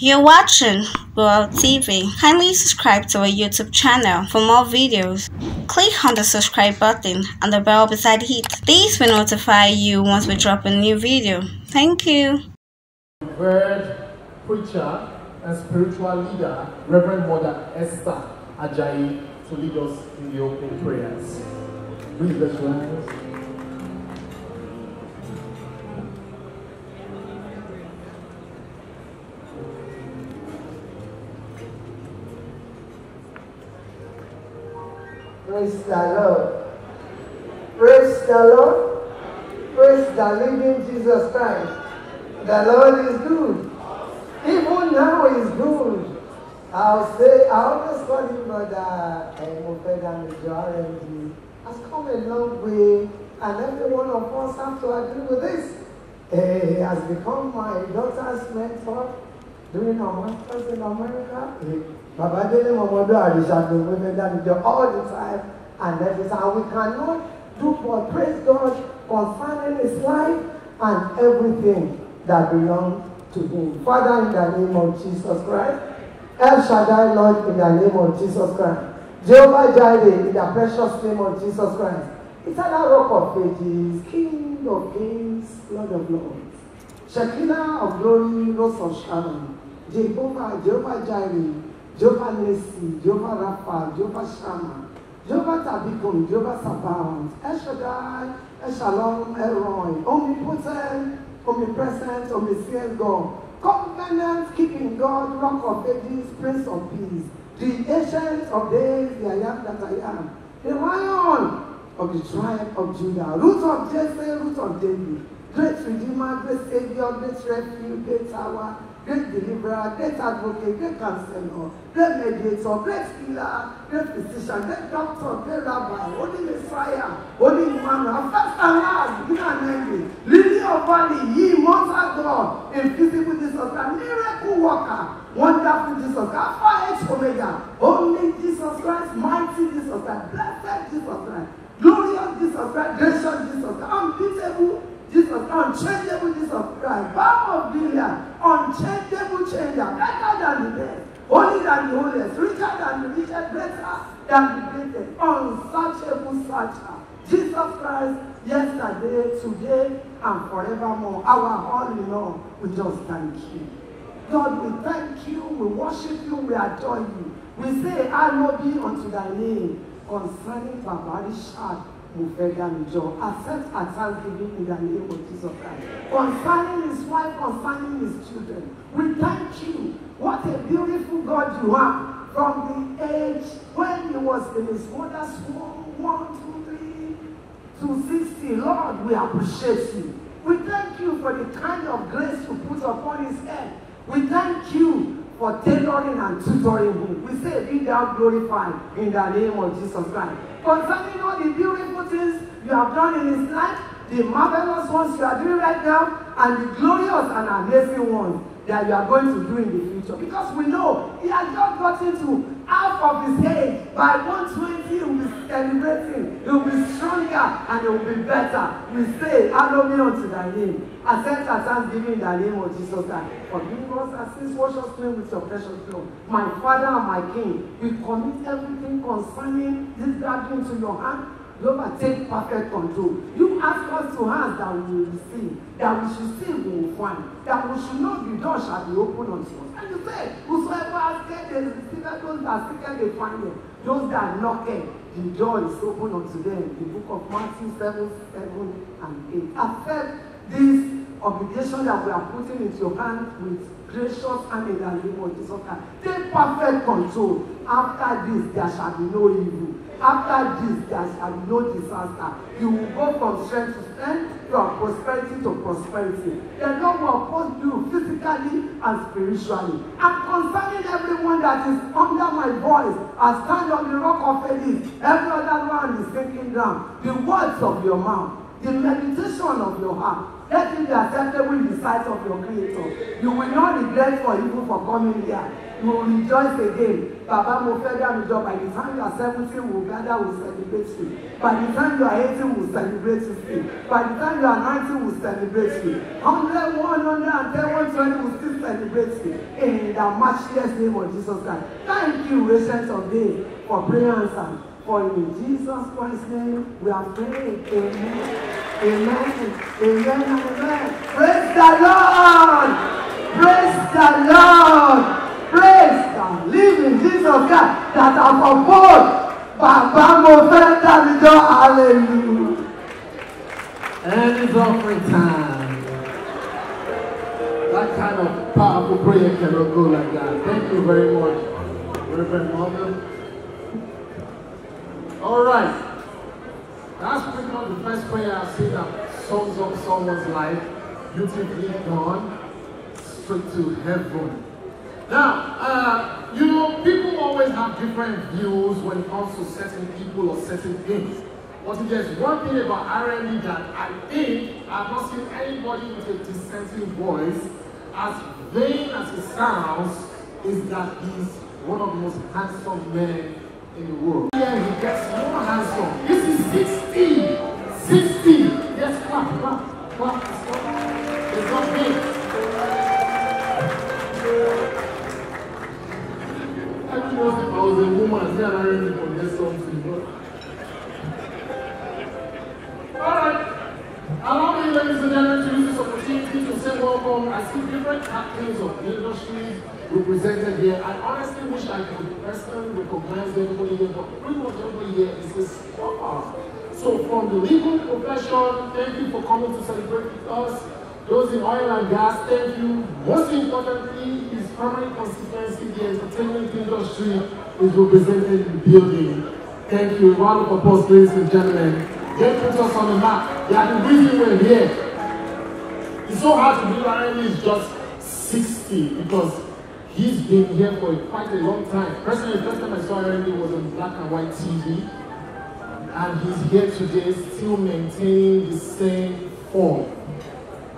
You're watching World TV. Kindly subscribe to our YouTube channel for more videos. Click on the subscribe button and the bell beside it. This will notify you once we drop a new video. Thank you. Word preacher and spiritual leader, Reverend Mother Esther Ajayi, to lead us in the opening prayers. Please let's Praise the Lord. Praise the Lord. Praise the living Jesus Christ. The Lord is good. Even now is good. I'll say, I always call him Brother Mofeda Major Has come a long way, and every one of us have to agree with this. He eh, has become my daughter's mentor during our master's in America. Eh, Baba Dele Momodo Arisha women that we do all the time and that is how We cannot do but praise God concerning his life and everything that belongs to him. Father, in the name of Jesus Christ, El Shaddai, Lord, in the name of Jesus Christ, Jehovah Jireh, in the precious name of Jesus Christ, It's a rock of ages, King of kings, Lord of lords, Shekinah of glory, Rose of Sharon, Jehovah, Jehovah Jireh, Jehovah Nessi, Jehovah Rapha, Jehovah Shammah, Jehovah Tabikon, Jehovah Sabaoth, El Shaddai, El omnipotent, omnipresent, omniscient God, covenant keeping God, rock of ages, prince of peace, the ancient of days, the I am that I am, the lion of the tribe of Judah, root of Jesse, root of David, great redeemer, great savior, great refuge, great tower, great deliverer, great advocate, great counselor, great mediator, great healer, great physician, great doctor, great rabbi, holy messiah, holy Emmanuel, first and last, good and envy, Living of valley, ye immortal God, invisible Jesus, a miracle worker, wonderful Jesus, Alpha H Omega, only Jesus Christ, mighty Jesus Christ, blessed Jesus Christ, glorious Jesus Christ, gracious Jesus Christ, unbeatable Jesus, unchangeable Jesus Christ, power of Gilead, unchangeable changer, better than the best, holy than the holiest, richer than the richest, better than the greatest, unsearchable searcher. Jesus Christ, yesterday, today, and forevermore, our all in all, we just thank you. God, we thank you, we worship you, we adore you. We say, I will be unto thy name concerning Baba Richard Muvega Njo. Accept our thanksgiving in the name of Jesus Christ. Concerning his wife, concerning his children, we thank you. What a beautiful God you are. From the age when he was in his mother's womb, one, two, three, to 60, Lord, we appreciate you. We thank you for the kind of grace you put upon his head. We thank you for tailoring and tutoring him. We say, be thou glorified in the name of Jesus Christ. concerning all the beautiful things you have done in his life, the marvelous ones you are doing right now, and the glorious and amazing ones that you are going to do in the future. Because we know he has just gotten to half of his age. By 120, he will be celebrating. It will be stronger and it will be better. We say, Hallow me unto thy name. Accept our thanksgiving in the name of Jesus Christ. Forgive us our since wash us clean with your precious blood. My Father and my King, we commit everything concerning this gathering to your hand ló mà take perfect control. You ask us to hands that we will receive, that we should see we will find, that we should not be done shall be opened unto us. And you say, whosoever asketh they receive it, those that seeketh they find them, those that knocketh, the door is open unto them. The book of Matthew 7, 7 and 8. Accept this obligation that we are putting into your hand with gracious and in the name of Jesus Christ. Take perfect control. After this, there shall be no evil. After this, there shall be no disaster. You will go from strength to strength, from prosperity to prosperity. The Lord will oppose you physically and spiritually. And concerning everyone that is under my voice, I stand on the rock of faith. Every other one is sinking down. The words of your mouth, the meditation of your heart, let it be acceptable in the sight of your Creator. You will not regret for even for coming here. You will rejoice again Baba Mofeda Mijo, by the time you are 70, we'll gather, we'll celebrate you. By the time you are 80, we'll celebrate you still. By the time you are 90, we'll celebrate you. One hundred, hundred and 100, 110, twenty, we'll still celebrate you. In the matchless name of Jesus Christ. Thank you, Ancient of Days, for prayer answer. For in Jesus Christ's name, we are praying. Amen. Amen. Amen. Amen. Praise the Lord. Praise the Lord. Praise the Lord. in Jesus Christ that have uphold bàbá mo fẹ́ dáríjọ́ hallelujah. And it's offering time. That kind of powerful prayer cannot go like that. Thank you very much, Reverend Morgan. All right. That's pretty much the first prayer I've seen that sums up someone's life beautifully gone straight to heaven. Now, uh, You know, people always have different views when it comes to certain people or certain things. But if there's one thing about R&B that I think I've not seen anybody with a dissenting voice, as vain as it sounds, is that he's one of the most handsome men in the world. Yeah, he gets more handsome. This is 60! 60! Yes, clap, clap, clap. clap. I Alright. Allow me, ladies and gentlemen, to use this opportunity to say welcome. I see different captains of industries represented here. I honestly wish I could personally everybody here, but pretty much a So from the legal profession, thank you for coming to celebrate with us. Those in oil and gas, thank you. Most importantly, his primary constituency, the entertainment industry, is represented in the building. Thank you. A round of applause, ladies and gentlemen. They put us on the map. They are the reason we're here. It's so hard to believe Irony is just 60 because he's been here for quite a long time. Personally, the first time I saw Irony was on black and white TV. And he's here today still maintaining the same form.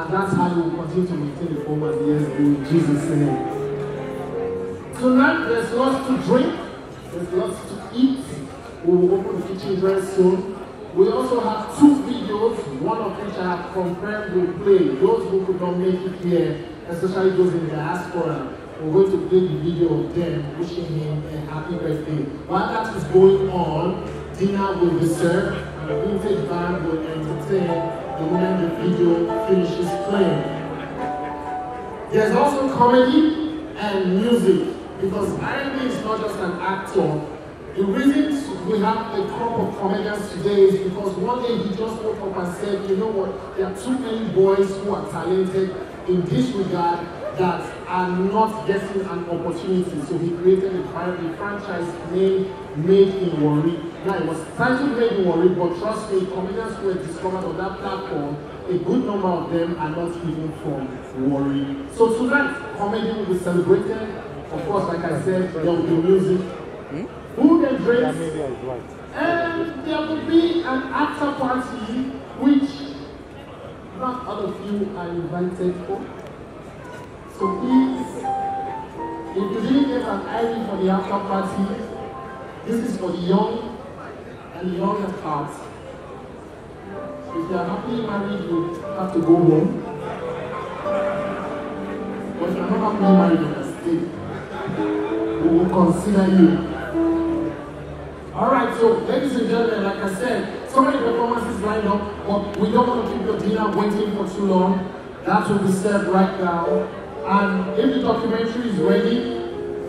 And that's how you will continue to maintain the form the yes, in Jesus' name. Tonight there's lots to drink, there's lots to eat. We will open the kitchen very soon. We also have two videos, one of which I have confirmed will play. Those who could not make it here, especially those in the diaspora, we're going to play the video of them wishing him a happy birthday. While that is going on, dinner will be served, and the vintage band will entertain the when the video finishes playing. There's also comedy and music, because r is not just an actor. The reason we have a crop of comedians today is because one day he just woke up and said, you know what, there are too many boys who are talented in this regard that are not getting an opportunity. So he created a, a franchise named Made in Worry. Now it was titled Made in Worry, but trust me, comedians who were discovered on that platform, a good number of them are not even from Worry. So tonight, comedy will be celebrated. Of course, like I said, there will be music. Food and drinks. And there will be an after party, which not all of you are invited for. So please, if you really want to an for the after party, this is for the young and young at heart. If you are happily married, you have to go home. But if you are not happily married, you can stay. We will consider you. Alright, so ladies and gentlemen, like I said, so many performances lined up, but we don't want to keep your dinner waiting for too long. That will be served right now. And if the documentary is ready,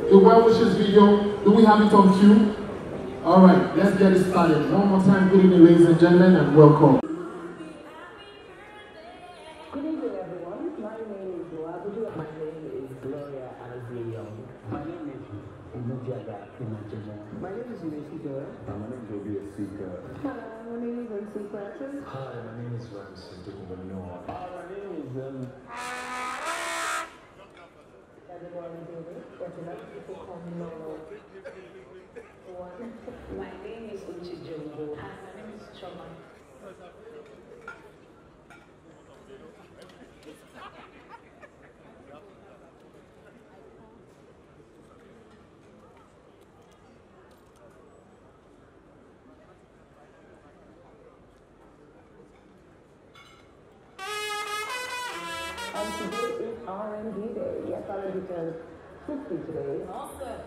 the well wishes video, do we have it on cue? All right, let's get it started. One more time, good evening, ladies and gentlemen, and welcome. Good evening, everyone. My name is Boabudu. My name is Gloria My name is Inujaga My name is My name is Obi Hi, my name is Ramsey Francis. Hi, my name is Ramsey My name is Uchi Jumbo. And ah, my name is Choma. And today is R&D Day. Yes, R&D Day. 50 today. Awesome.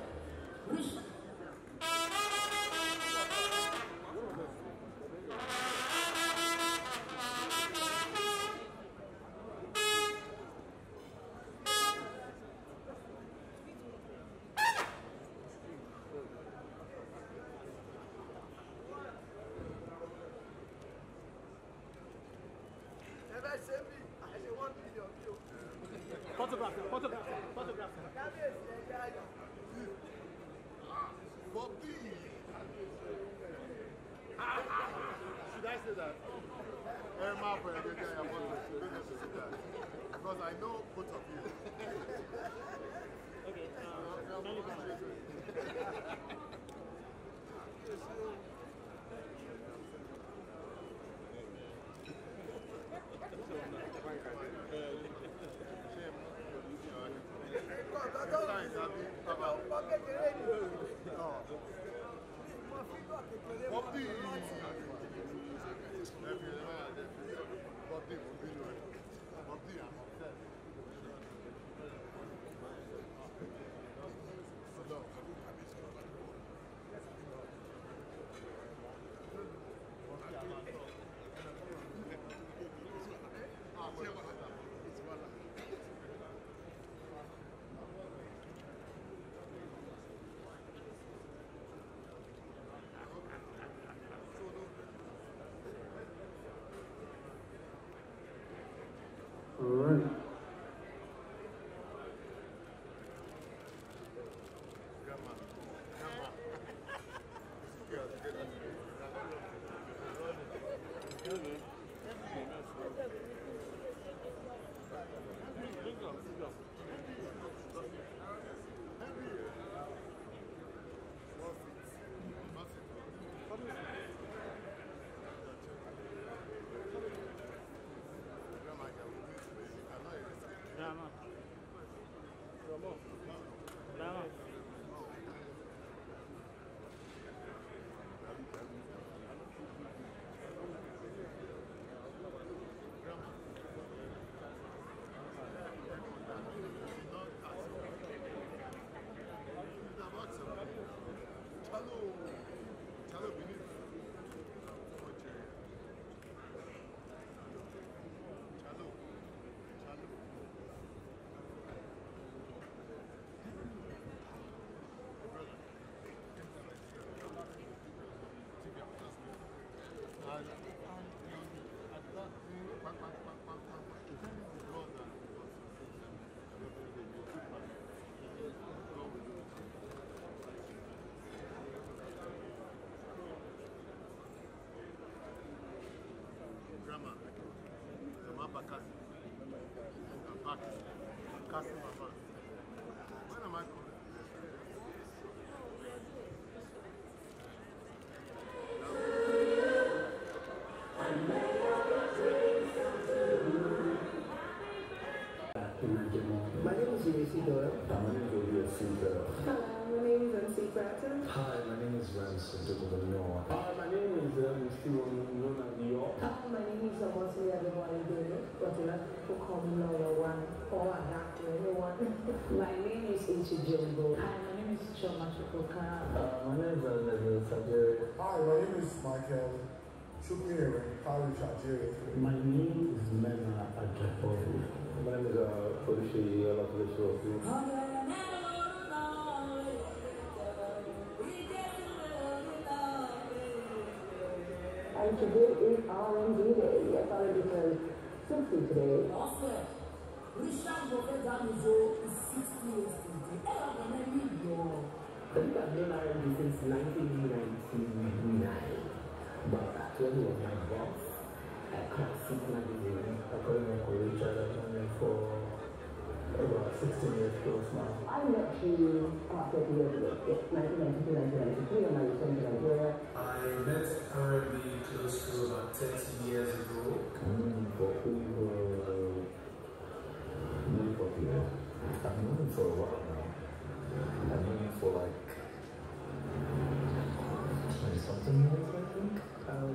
I say that? Emma for everything I want to bring Because I know both of you. Okay, um, Definitely, definitely. Bob Dylan, Bob Dylan. Back. When am I My name is Yuri Doyle. My name is Yuri Sidor. Hello, my name is MC Bratton. Hi. popular who call me Lawyer One or an actor, anyone. my name is Ichijombo. Hi, my name is Choma Chukwuka. Uh, my name is Alexander Sajere. Hi, my name is Michael Chukwere Paru Sajere. My name is Mena Ajapovu. My name is uh, Polishi Alakulishofu. Hi, and today is R&D Day. Yes, already told. 53. Ọ̀sẹ̀ Richard Bofeda Mizo is 60 years old. Ẹ bá bàbá mi yọ. Pẹ̀lú àgbẹ̀ since 1999. But at was my boss, I can't see my degree. I couldn't make a Richard at 24. about 16 years now. I met you after the Olympics, 1992, 1993, and I returned to Nigeria. I met close to about 30 years ago. I've known for a while now. I've known for like something years, I think. Um,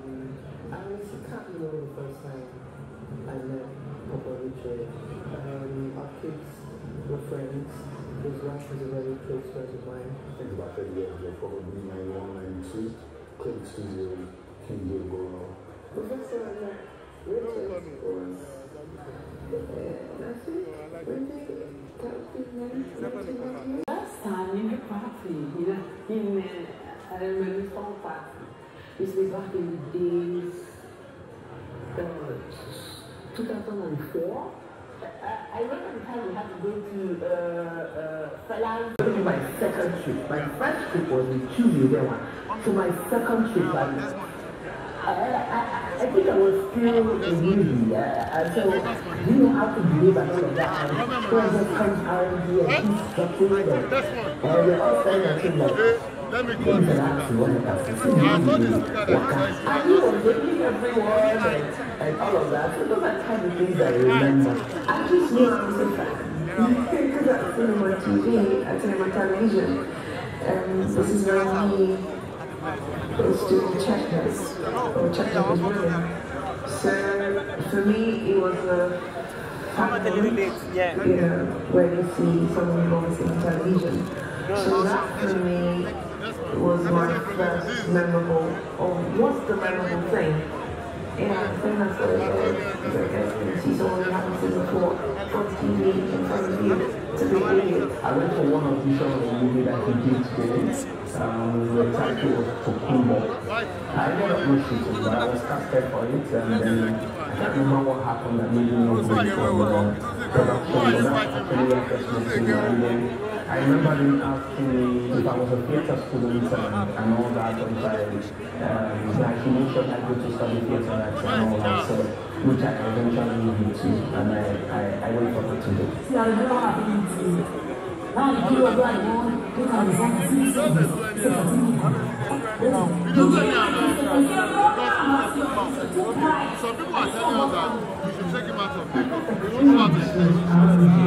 I can't remember the first time I met Papa Richard kids were friends. Because wife was a very close friend of mine. I think about 30 years ago, probably 91, 92. Clinic Studio, King Bill Goro. Professor uh, Richards was, uh, I think, when they, Last time in the party, you know, in, uh, I remember before party, this was back in the days, uh, 2004. I went to the time we had to go to uh, uh, my second trip. My first trip was in one. So my second trip, um, I, I, I, I think I was still in uni. Uh, so you don't have to believe and all of that. And so I just come out here and keep talking. And all let me go and I thought this look at that. You were everyone and all of that. It was that kind of thing that I remember. I just knew I was a fan. Because I've seen him on TV, I've seen him on television. And um, this is where he was doing checkers, or checkers was So for me, it was a moment, yeah. you know, when you see someone on television. So that for me was my first memorable, or was the memorable thing. Yeah, so that's what I guess she's already having to report TV in front of you to idiot. I went for one shows in the movie that he did today. Um, the title was Tokumbo. I got approached it, but I was casted for it, and then I can't remember what happened that made me not go for the production, actually and then I remember them asking me if I was a theatre student and all that, and I, um, should sure I go to study theatre and all that, so, which I eventually moved too, and I, I, I went forward to do. See, I remember having to now the at the science, Some people are telling us that you should take him out of there.